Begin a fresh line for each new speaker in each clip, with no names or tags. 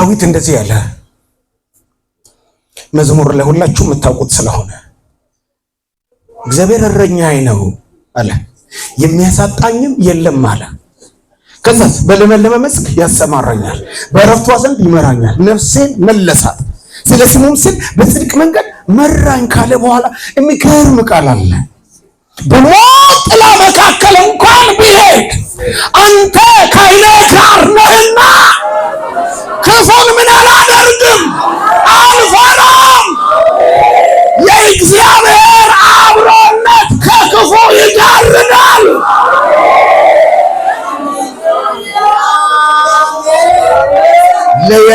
ዳዊት እንደዚህ ያለ መዝሙር ለሁላችሁ የምታውቁት ስለሆነ እግዚአብሔር እረኛዬ ነው አለ፣ የሚያሳጣኝም የለም አለ። ከዛስ በለመለመ መስክ ያሰማራኛል፣ በእረፍቷ ዘንድ ይመራኛል፣ ነፍሴን መለሳት፣ ስለ ስሙም ስል በጽድቅ መንገድ መራኝ ካለ በኋላ የሚገርም ቃል አለ። በሞት ጥላ መካከል እንኳን ብሄድ አንተ ካይነ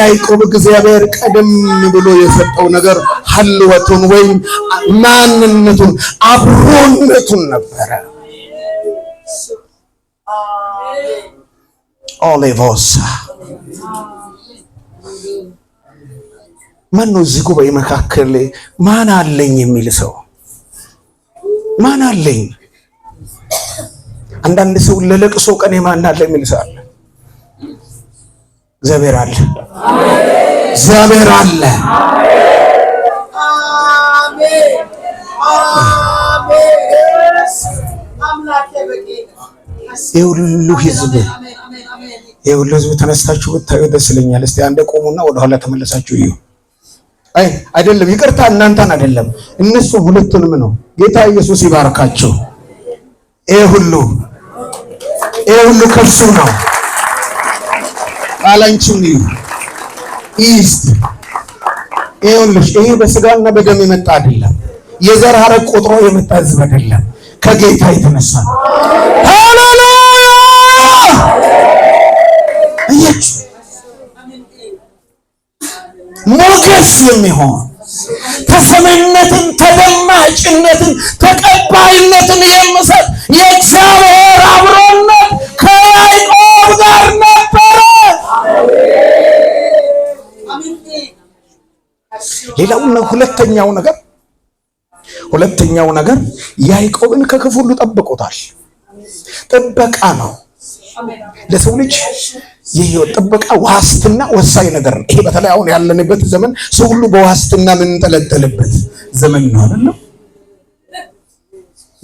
ያዕቆብ እግዚአብሔር ቀደም ብሎ የሰጠው ነገር ሀልወቱን ወይም ማንነቱን አብሮነቱን ነበረ። ኦሌቮሳ ማን ነው? እዚህ ጉባኤ መካከል ማን አለኝ የሚል ሰው ማን አለኝ? አንዳንድ ሰው ለለቅሶ ቀን ማን አለ የሚል ሰው እግዚአብሔር አለ። እግዚአብሔር አለ። የሁሉ ህዝብ የሁሉ ህዝብ ተነስታችሁ ብታዩ ደስ ይለኛል። እስቲ አንደ ቆሙና ወደኋላ ተመለሳችሁ እዩ። አይ አይደለም፣ ይቅርታ እናንተን አይደለም እነሱ ሁለቱንም ነው። ጌታ ኢየሱስ ይባርካቸው። ይሄ ሁሉ ይሄ ሁሉ ከሱ ነው። ቃል ኢስት ይኸውልሽ፣ ይሄ በስጋና በደም የመጣ አይደለም። የዘር ሐረግ ቆጥሮ የመጣ ህዝብ አይደለም። ከጌታ የተነሳ ሃሌሉያ። ሞገስ የሚሆን ተሰሚነትን፣ ተደማጭነትን፣ ተቀባይነትን የምሰጥ የእግዚአብሔር ሌላውና ሁለተኛው ነገር ሁለተኛው ነገር ያዕቆብን ከክፉ ሁሉ ጠብቆታል። ጥበቃ ነው ለሰው ልጅ የህይወት ጥበቃ ዋስትና ወሳኝ ነገር ነው። ይሄ በተለይ አሁን ያለንበት ዘመን ሰው ሁሉ በዋስትና የምንጠለጠልበት ዘመን ነው አይደል?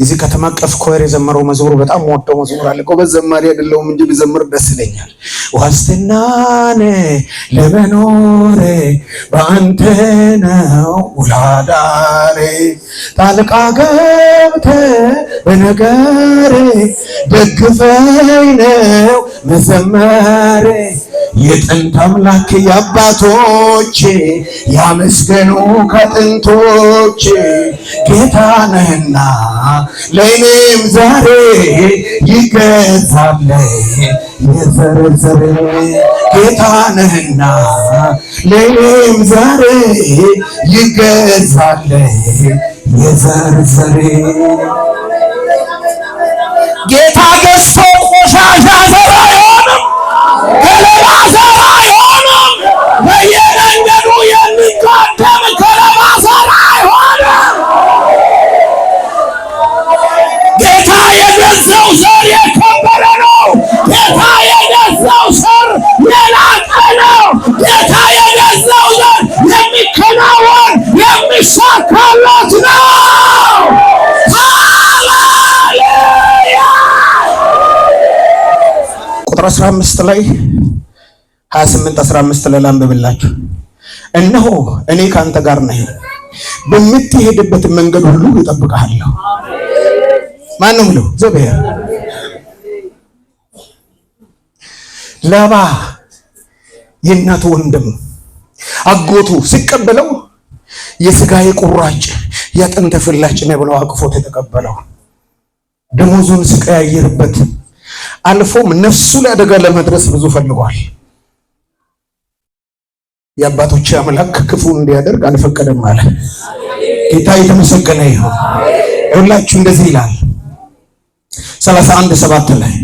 የዚህ ከተማ አቀፍ ኮር የዘመረው መዝሙር በጣም ወደው መዝሙር አለ። ጎበዝ ዘማሪ አይደለሁም እንጂ ብዘምር ደስ ይለኛል። ዋስትናኔ ለመኖሬ በአንተ ነው ውላዳሬ ጣልቃ ገብተ በነገሬ ደግፈኝ ነው መዘመሬ የጥንት አምላክ የአባቶቼ ያመስገኑ ከጥንቶቼ ጌታ ነህና ለእኔም ዛሬ ይገዛል የዘረዘረ ጌታ ነህና ለእኔም ዛሬ ይገዛል የዘርዘሬ ጌታ ገሳ ቁጥር 15 ላይ 28 15 ላይ ላንብብላችሁ። እነሆ እኔ ከአንተ ጋር ነኝ፣ በምትሄድበት መንገድ ሁሉ እጠብቅሃለሁ። ማንም ነው እግዚአብሔር። ላባ የእናቱ ወንድም አጎቱ ሲቀበለው የስጋዬ ቁራጭ የአጥንቴ ፍላጭ ነው ብለው አቅፎት የተቀበለው ደሞዙን ሲቀያየርበት አልፎም ነፍሱ ላይ አደጋ ለመድረስ ብዙ ፈልጓል። የአባቶች አምላክ ክፉ እንዲያደርግ አልፈቀደም አለ። ጌታ የተመሰገነ ይሁን። ሁላችሁ እንደዚህ ይላል 31 ሰባት ላይ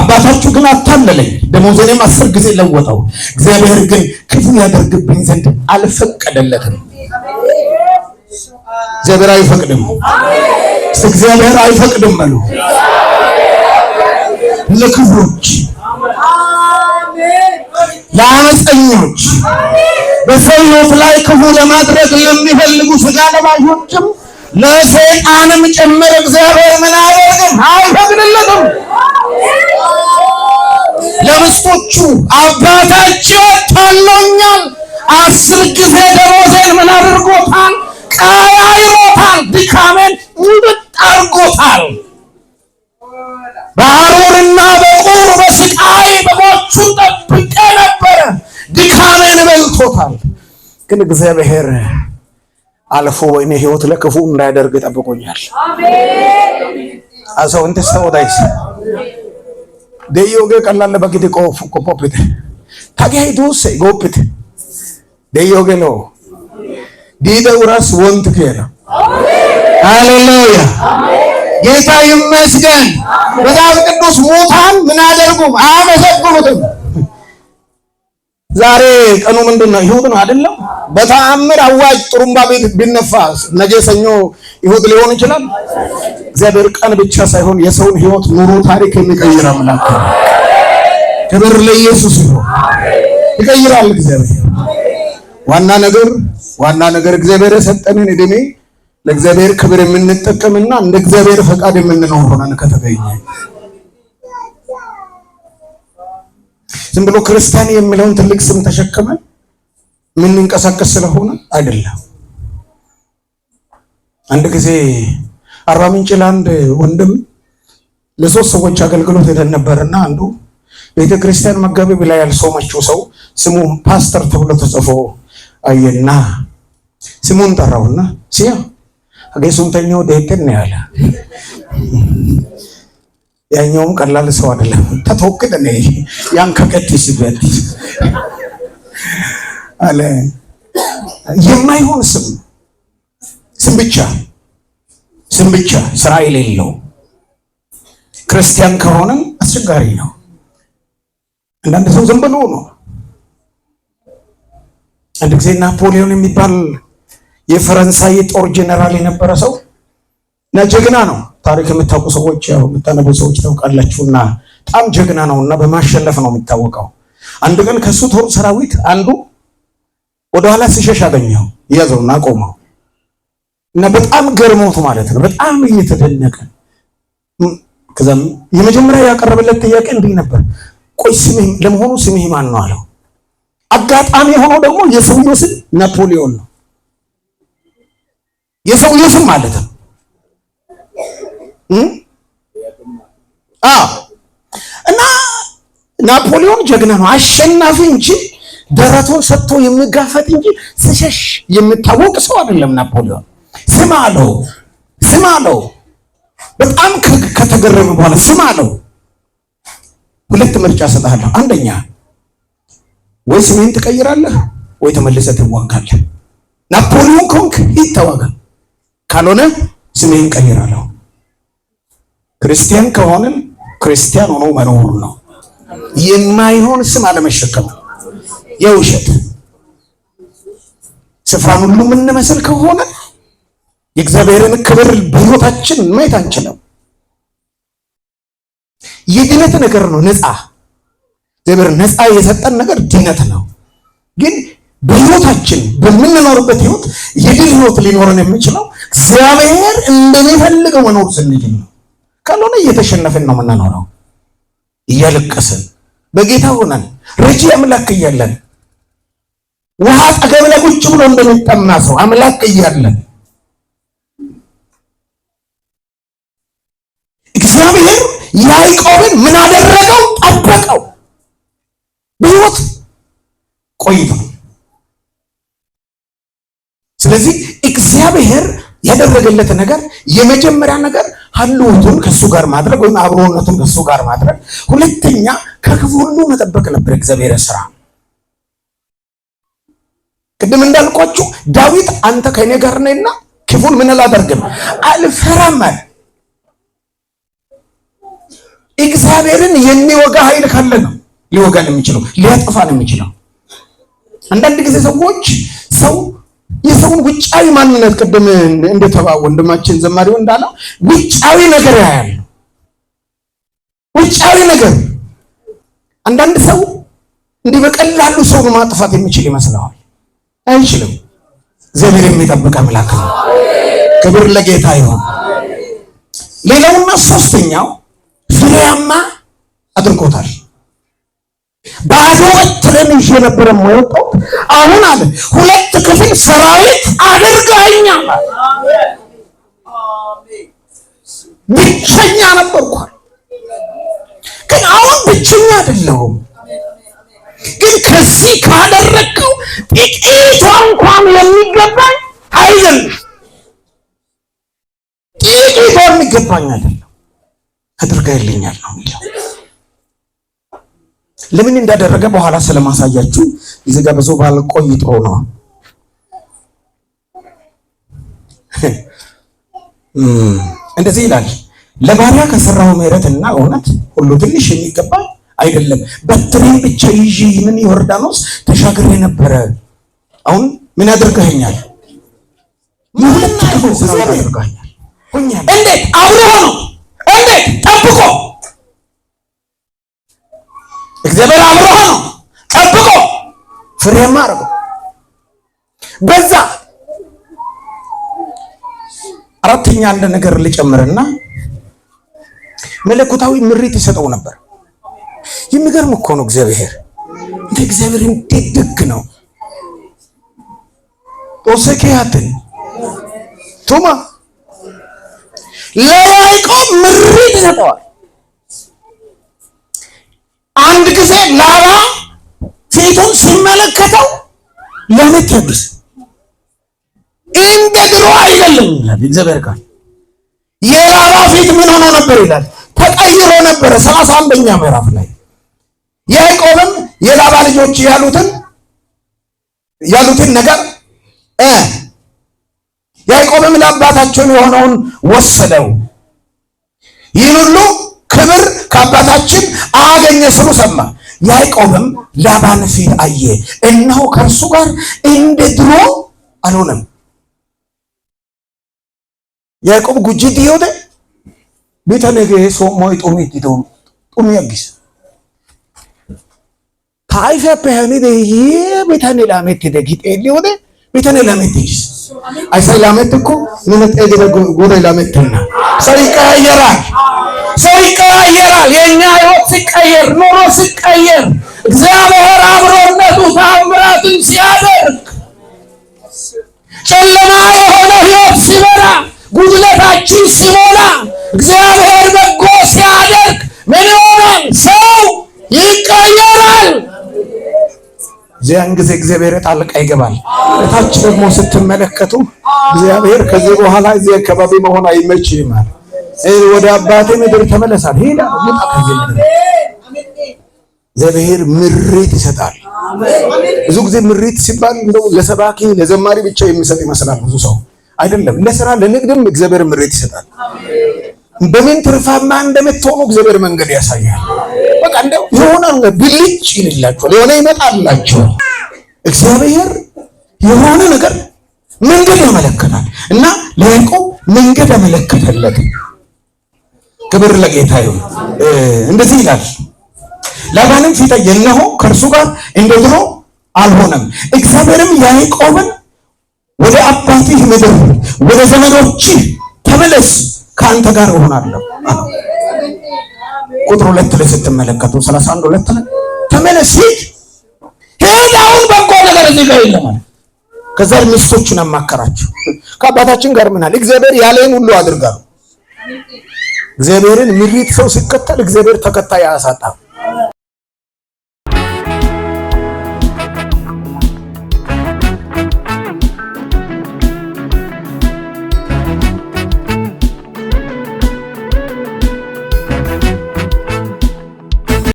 አባታችሁ ግን አታለለኝ፣ ደመወዜንም አስር ጊዜ ለወጠው። እግዚአብሔር ግን ክፉ ያደርግብኝ ዘንድ አልፈቀደለትም። እግዚአብሔር አይፈቅድም። እግዚአብሔር አይፈቅድም በሉ ለክፎች፣ ለአመፀኞች፣ በሰው ሕይወት ላይ ክፉ ለማድረግ ለሚፈልጉ ስጋ ለባሾችም ለሰይጣንም ጭምር እግዚአብሔር ምን አያደርግም አይፈቅድለትም። ለምስጦቹ አባታቸው ታሎኛል፣ አስር ጊዜ ደሞዜን ምን አድርጎታል? ቀያይሮታል፣ ድካሜን ሙጥጥ አድርጎታል። ሞልቶታል። ግን እግዚአብሔር አልፎ ወይኔ ህይወት ለክፉ እንዳያደርግ ጠብቆኛል። አዛውንት ተወዳይስ ደዮገ ቀላለ በግድ ቆፖፕት ታገይ ዱሴ ጎፕት ደዮገ ነው ዲደው ራስ ወንት ከላ ሃሌሉያ ጌታ ይመስገን። መጽሐፍ ቅዱስ ሙታን ምን አደርጉም አመሰግኑትም ዛሬ ቀኑ ምንድን ነው? ይሁድ ነው አይደለም? በተአምር አዋጅ ጥሩምባ ቤት ቢነፋ ነገ ሰኞ ይሁድ ሊሆን ይችላል። እግዚአብሔር ቀን ብቻ ሳይሆን የሰውን ሕይወት ኑሮ፣ ታሪክ የሚቀይር አምላክ ክብር ለኢየሱስ ይሁን። ይቀይራል እግዚአብሔር። ዋና ነገር ዋና ነገር እግዚአብሔር የሰጠንን እድሜ ለእግዚአብሔር ክብር የምንጠቀምና እንደ እግዚአብሔር ፈቃድ የምንኖር ሆነን ከተገኘ ዝም ብሎ ክርስቲያን የሚለውን ትልቅ ስም ተሸክመን የምንንቀሳቀስ ስለሆነ አይደለም። አንድ ጊዜ አርባ ምንጭ ለአንድ ወንድም ለሶስት ሰዎች አገልግሎት ሄደን ነበርና አንዱ ቤተ ክርስቲያን መጋቢ ብላ ያልሾመችው ሰው ስሙ ፓስተር ተብሎ ተጽፎ አየና ስሙን ጠራውና ሲያ አገሱንተኛው ደቅን ያለ ያኛውም ቀላል ሰው አይደለም። ተተወቅደ ነ ያን ከቀጥስ አለ የማይሆን ስም ስም ብቻ ስም ብቻ ስራ የሌለው ክርስቲያን ከሆነም አስቸጋሪ ነው። አንዳንድ ሰው ዝም ብሎ ነው። አንድ ጊዜ ናፖሊዮን የሚባል የፈረንሳይ ጦር ጀነራል የነበረ ሰው እና ጀግና ነው ታሪክ የምታውቁ ሰዎች ያው የምታነቡ ሰዎች ታውቃላችሁና በጣም ጀግና ነውና በማሸነፍ ነው የሚታወቀው። አንድ ቀን ከሱ ጦር ሰራዊት አንዱ ወደኋላ ሲሸሽ አገኘው፣ ያዘውና ቆመው እና በጣም ገርሞት ማለት ነው በጣም እየተደነቀ ከዛም የመጀመሪያ ያቀረበለት ጥያቄ እንዲህ ነበር፣ ቆይ ስምህ ለመሆኑ ስምህ ማን ነው አለው። አጋጣሚ የሆነው ደግሞ የሰውየው ስም ናፖሊዮን ነው። የሰውየው ስም ማለት ነው እና ናፖሊዮን ጀግና ነው፣ አሸናፊ እንጂ ደረቱን ሰጥቶ የሚጋፈጥ እንጂ ስሸሽ የሚታወቅ ሰው አይደለም። ናፖሊዮን ስም አለው፣ ስም አለው። በጣም ከተገረመ በኋላ ስም አለው። ሁለት ምርጫ ሰጥሃለሁ። አንደኛ ወይ ስሜን ትቀይራለህ፣ ወይ ተመልሰህ ትዋጋለህ። ናፖሊዮን ኮንክ ይተዋጋ፣ ካልሆነ ስሜን ቀይራለሁ። ክርስቲያን ከሆንን ክርስቲያን ሆኖ መኖሩ ነው። የማይሆን ስም አለመሸከም የውሸት ስፍራን ሁሉ የምንመስል ከሆነ የእግዚአብሔርን ክብር በሕይወታችን ማየት አንችልም። የድነት ነገር ነው። ነፃ እግዚአብሔር ነፃ የሰጠን ነገር ድነት ነው። ግን በሕይወታችን በምንኖርበት ሕይወት የድል ሕይወት ሊኖረን የምችለው እግዚአብሔር እንደሚፈልገው መኖር ስንችል ነው። ካልሆነ እየተሸነፍን ነው የምንኖረው። እያለቀስን በጌታ ሆነን ረጂ አምላክ እያለን ውሃ አጠገብ ላይ ቁጭ ብሎ እንደሚጠማ ሰው አምላክ እያለን እግዚአብሔር ያዕቆብን ምን አደረገው? ጠበቀው። በሕይወት ቆይቷል። ያደረገለት ነገር የመጀመሪያ ነገር ሀልውቱን ከሱ ጋር ማድረግ ወይም አብሮነቱን ከሱ ጋር ማድረግ፣ ሁለተኛ ከክፉ ሁሉ መጠበቅ ነበር እግዚአብሔር ስራ። ቅድም እንዳልኳችሁ ዳዊት አንተ ከእኔ ጋር ነህና ክፉን ምን አላደርግም አልፈራም። እግዚአብሔርን የሚወጋ ኃይል ካለ ነው ሊወጋ ነው የሚችለው፣ ሊያጠፋ ነው የሚችለው። አንዳንድ ጊዜ ሰዎች ሰው የሰውን ውጫዊ ማንነት ቅድም እንደተባ ወንድማችን ዘማሪው እንዳለው ውጫዊ ነገር ያያል። ውጫዊ ነገር አንዳንድ ሰው እንዲህ በቀላሉ ሰውን ማጥፋት የሚችል ይመስለዋል። አይችልም። እግዚአብሔር የሚጠብቅ አምላክ ነው። ክብር ለጌታ ይሁን። ሌላውና ሶስተኛው ፍሬያማ አድርጎታል። ባዶ በትሬን ይዤ ነበር የምወጣው። አሁን አለ ሁለት ክፍል ሰራዊት አድርጋኛል። ብቸኛ ነበርኳል፣ ግን አሁን ብቸኛ አይደለሁም። ግን ከዚህ ካደረግከው ጥቂቷ እንኳን የሚገባኝ አይደለም፣ ጥቂቷ የሚገባኝ አይደለም። አድርጋይልኛል ነው የሚለው ለምን እንዳደረገ በኋላ ስለማሳያችሁ እዚህ ጋር ብዙ ባል ቆይቶ ነው። እንደዚህ ይላል ለባሪያ ከሰራው እና እውነት ሁሉ ትንሽ የሚገባ አይደለም። በትሬን ብቻ ይዤ ይህንን ዮርዳኖስ ተሻግሬ ነበረ። አሁን ምን አድርገኸኛል? ሁለት ክፉ አድርገኸኛል። እንዴት አውሮ ሆኖ እንዴት ጠብቆ ዘመን አብርሃም ጠብቆ ፍሬማ አርገው በዛ አራተኛ አንድ ነገር ልጨምርና መለኮታዊ ምሪት ይሰጠው ነበር። የሚገርም እኮ ነው እግዚአብሔር እንደ እግዚአብሔር እንዴት ደግ ነው። ኦሰኬያትን ቶማ ለያዕቆብ ምሪት ይሰጠዋል። አንድ ጊዜ ላባ ፊቱን ሲመለከተው ለምን ተብስ እንደ ድሮ አይደለም ይላል እግዚአብሔር ቃል። የላባ ፊት ምን ሆኖ ነበር ይላል ተቀይሮ ነበረ። ሰላሳ አንደኛ ምዕራፍ ላይ ያዕቆብም የላባ ልጆች ያሉትን ያሉትን ነገር እ ያዕቆብም ለአባታቸው የሆነውን ወሰደው ይህን ሁሉ ክብር ከአባታችን አገኘ ሲሉ ሰማ። ያዕቆብም ላባን ፊት አየ፣ እነሆ ከእርሱ ጋር እንደ ድሮ አልሆነም። ያዕቆብ ጉጅት ሆነ ቤተ ነገ ሶሞ ጡሚ ዲዶም ጡሚ አጊስ ከአይፈ ሄኒደ ቤተኔ ላሜትደ ጊጤል ሆነ ቤተኔ ላሜት ይስ አይሳይ ላሜት እኮ ምንጤ ጎደ ላሜትና ሰሪቃ ይቀያየራል። ሲቀየር ኑሮ ሲቀየር እግዚአብሔር አብሮነቱ ታምራትን ሲያደርግ ጨለማ የሆነ ሕይወት ሲበራ ጉድለታችን ሲሞላ እግዚአብሔር በጎ ሲያደርግ ምን ይሆናል? ሰው ይቀየራል። እዚያን ጊዜ እግዚአብሔር ጣልቃ ይገባል። እታች ደግሞ ስትመለከቱ እግዚአብሔር ከዚህ በኋላ እዚህ አካባቢ መሆን አይመችም ማለት ወደ አባቴ ምድር ተመለሳል ሄዳ እግዚአብሔር ምሪት ይሰጣል። ብዙ ጊዜ ምሪት ሲባል እንደው ለሰባኪ ለዘማሪ ብቻ የሚሰጥ ይመስላል ብዙ ሰው አይደለም። ለስራ ለንግድም እግዚአብሔር ምሪት ይሰጣል። በምን ትርፋማ እንደምትሆኑ እግዚአብሔር መንገድ ያሳያል። በቃ እንደው የሆነ ብልጭ ይልላችኋል፣ የሆነ ይመጣላችኋል። እግዚአብሔር የሆነ ነገር መንገድ ያመለከታል እና ለያዕቆብ መንገድ ያመለከተለት ክብር ለጌታ ይሁን። እንደዚህ ይላል ላባንም ፊት የነሆ እነሆ ከእርሱ ጋር እንደ ድሮ አልሆነም። እግዚአብሔርም ያዕቆብን ወደ አባትህ ምድር ወደ ዘመዶች ተመለስ፣ ከአንተ ጋር እሆናለሁ። ቁጥር ሁለት ላይ ስትመለከቱ ሰላሳ አንድ ሁለት ላይ ተመለስ ሂድ፣ ሂድ አሁን በጎ ነገር እዚህ ጋር የለም አለ። ከዛ ሚስቶቹን አማከራቸው። ከአባታችን ጋር ምናል እግዚአብሔር ያለህን ሁሉ አድርጋሉ እግዚአብሔርን ምሪት ሰው ሲከተል እግዚአብሔር ተከታይ አያሳጣም።